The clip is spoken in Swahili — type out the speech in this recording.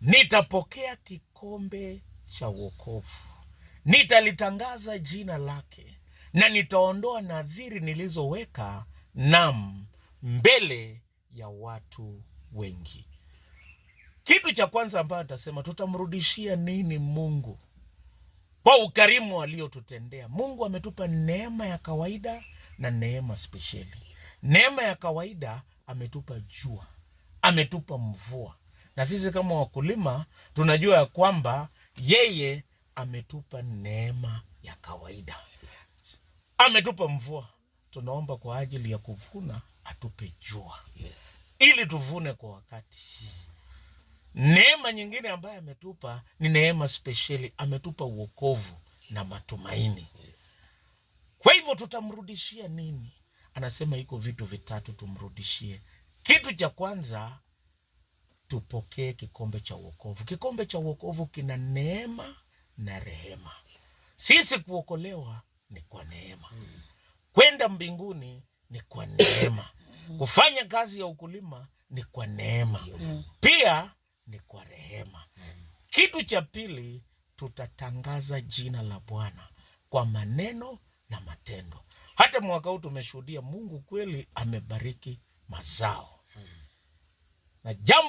nitapokea kikombe cha wokovu, nitalitangaza jina lake na nitaondoa nadhiri nilizoweka nam mbele ya watu wengi. Kitu cha kwanza ambayo nitasema, tutamrudishia nini Mungu kwa ukarimu aliotutendea Mungu ametupa neema ya kawaida na neema spesheli. Neema ya kawaida ametupa jua, ametupa mvua na sisi kama wakulima tunajua ya kwamba yeye ametupa neema ya kawaida, ametupa mvua. Tunaomba kwa ajili ya kuvuna atupe jua, yes, ili tuvune kwa wakati. Neema nyingine ambayo ametupa ni neema spesheli, ametupa uokovu na matumaini. Kwa hivyo tutamrudishia nini? Anasema iko vitu vitatu tumrudishie. Kitu cha kwanza tupokee kikombe cha uokovu. Kikombe cha uokovu kina neema na rehema. Sisi kuokolewa ni kwa neema, kwenda mbinguni ni kwa neema, kufanya kazi ya ukulima ni kwa neema, pia ni kwa rehema. Kitu cha pili, tutatangaza jina la Bwana kwa maneno na matendo. Hata mwaka huu tumeshuhudia Mungu kweli amebariki mazao na jambo